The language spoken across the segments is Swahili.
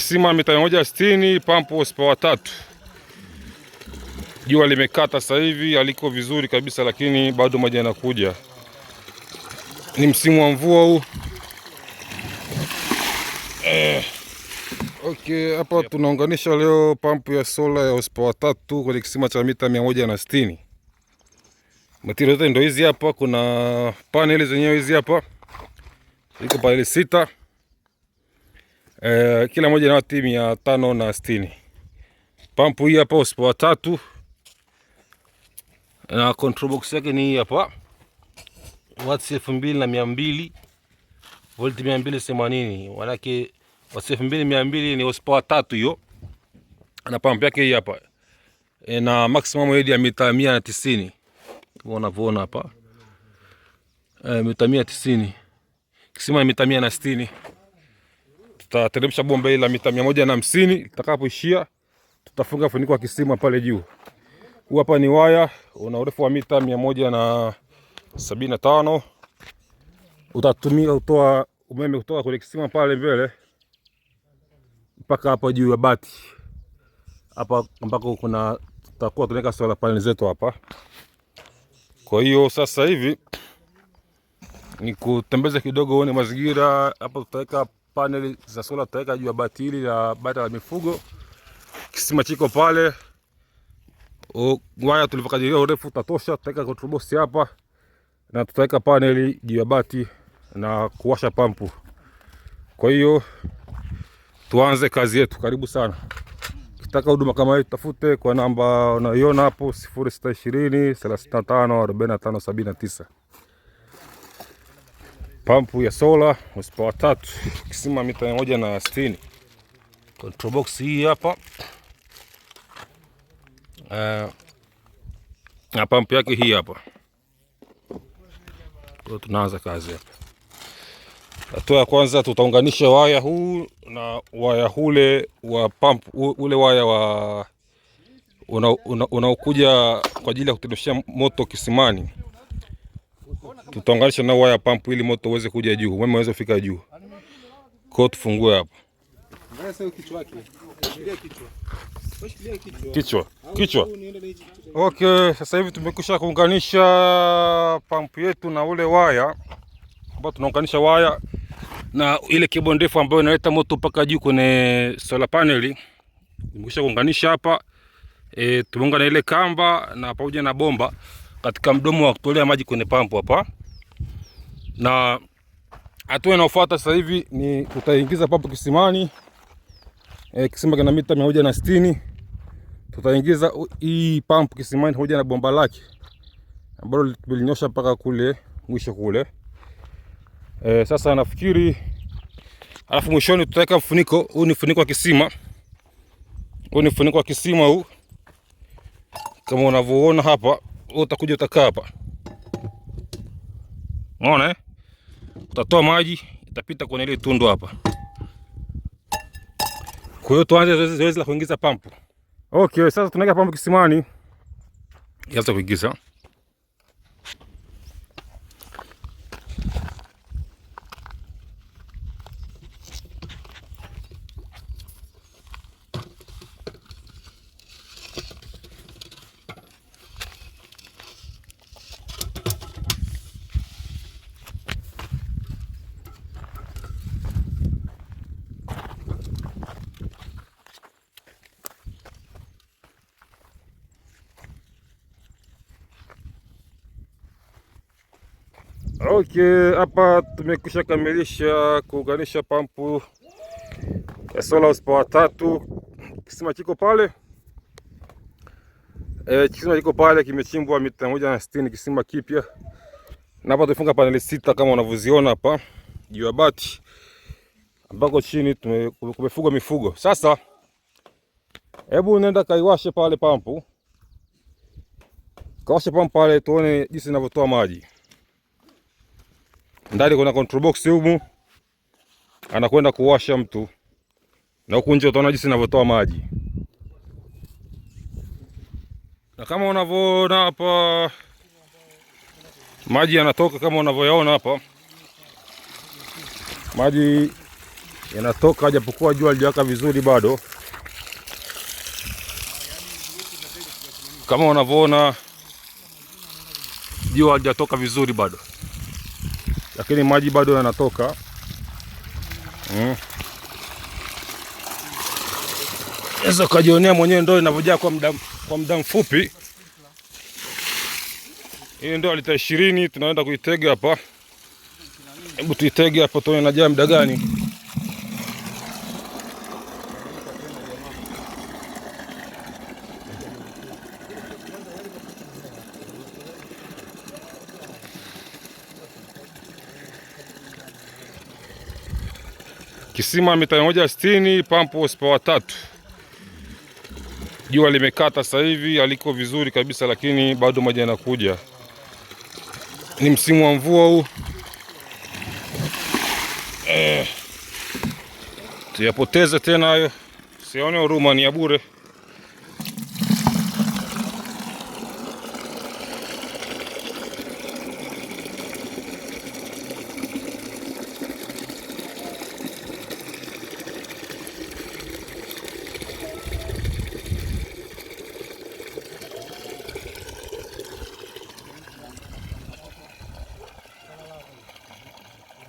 kisima mita mia moja sitini pampu spawa tatu. Jua limekata sasa hivi, aliko vizuri kabisa, lakini bado maji yanakuja. Ni msimu wa mvua huu eh. Okay, hapa tunaunganisha leo pampu ya sola ya horsepower tatu kwenye kisima cha mita 160. moja Matiro zote ndio hizi hapa, kuna paneli zenyewe hizi hapa, iko paneli sita e, kila moja na timu ya tano na sitini. Pampu hii hapa usipo tatu na control box yake ni hii hapa watts elfu mbili na mia mbili volti mia mbili themanini manake watts elfu mbili mia mbili ni horsepower tatu hiyo, na pampu yake hii hapa e, na maximum head ya mita mia na tisini unavyoona hapa e, mita mia tisini kisima mita mia na sitini tutateremsha bomba hili la mita mia moja na hamsini litakapoishia, tutafunga funiko wa kisima pale juu. Huu hapa ni waya una urefu wa mita mia moja na sabini na tano utatumia utoa umeme kutoka kwenye kisima pale mbele mpaka hapa juu ya bati hapa ambako kuna tutakuwa tunaweka sola paneli zetu hapa. Kwa hiyo sasa hivi ni kutembeza kidogo, uone mazingira hapa. Tutaweka paneli za sola tutaweka juu ya bati hili la bata la mifugo. Kisima chiko pale, waya tulivyokadiria urefu utatosha. Tutaweka control box hapa na tutaweka paneli juu ya bati na kuwasha pampu. Kwa hiyo tuanze kazi yetu. Karibu sana. Ukitaka huduma kama hii tafute kwa namba unaiona hapo 0620 35 45 79 pampu ya sola mspa tatu kisima mita moja na sitini. Control box hii hapa uh, na pampu yake hii hapa. Kwa tunaanza kazi hapa. Hatua ya kwanza tutaunganisha waya huu na waya ule wa pampu, ule waya wa unaokuja una, una kwa ajili ya kutodoshia moto kisimani tutaunganisha na waya pump ili moto uweze kuja juu, umeme uweze kufika juu. Kwa tufungue hapa kichwa kichwa. Okay, sasa hivi tumekwisha kuunganisha pampu yetu na ule waya ambao tunaunganisha waya na ile kebo ndefu ambayo inaleta moto mpaka juu kwenye solar panel. Nimekwisha kuunganisha hapa e, tumeunga na ile kamba na pamoja na bomba katika mdomo wa kutolea maji kwenye pampu hapa na hatua inayofuata sasa hivi ni tutaingiza pampu kisimani. E, kisima kina mita mia moja na sitini. Tutaingiza hii pampu kisimani pamoja na bomba lake ambalo tulinyosha mpaka kule mwisho kule. E, sasa nafikiri alafu mwishoni tutaweka mfuniko huu. Ni mfuniko wa kisima huu, ni mfuniko wa kisima huu kama unavyoona hapa, utakuja utakaa hapa, unaona eh? utatoa maji itapita kwenye ile tundu hapa. Kwa hiyo tuanze zoezi la kuingiza pampu. Okay, sasa tunaweka pampu kisimani, yaanza kuingiza Okay, hapa tumekwisha kamilisha kuunganisha pampu ya solar horsepower tatu. Kisima kiko pale e, kisima kiko pale kimechimbwa mita moja na sitini kisima kipya, na hapa tumefunga paneli sita kama unavyoziona hapa juu ya bati ambako chini kumefugwa mifugo. Sasa hebu nenda kaiwashe pale pampu, kawashe pampu pale, tuone jinsi inavyotoa maji ndani kuna control box humu, anakwenda kuwasha mtu, na huku nje utaona jinsi inavyotoa maji, na kama unavyoona hapa maji yanatoka, kama unavyoyaona hapa maji yanatoka, japokuwa jua lijawaka vizuri bado, kama unavyoona jua halijatoka vizuri bado lakini maji bado yanatoka mm. Naweza ukajionea mwenyewe ndoo inavyojaa kwa muda kwa muda mfupi. Hiyo ndoo lita ishirini tunaenda kuitega hapa. Hebu tuitege hapo tuone inajaa muda gani. Kisima mita 160, pump horsepower tatu. Jua limekata sasa hivi, aliko vizuri kabisa, lakini bado maji yanakuja. Ni msimu wa mvua huu eh, tuyapoteze tena hayo, sione huruma, ni ya bure.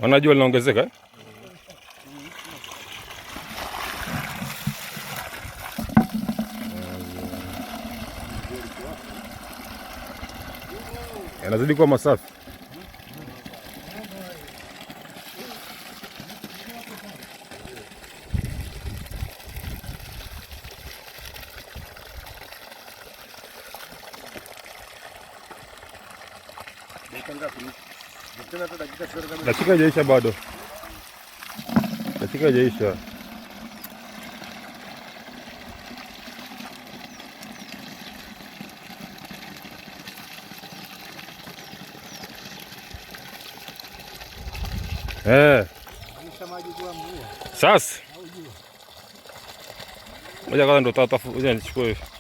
Maana jua linaongezeka. Yanazidi kuwa masafi. Dakika haijaisha bado, dakika haijaisha. Eh. Sasa moja kwanza ndo tatafu nichukue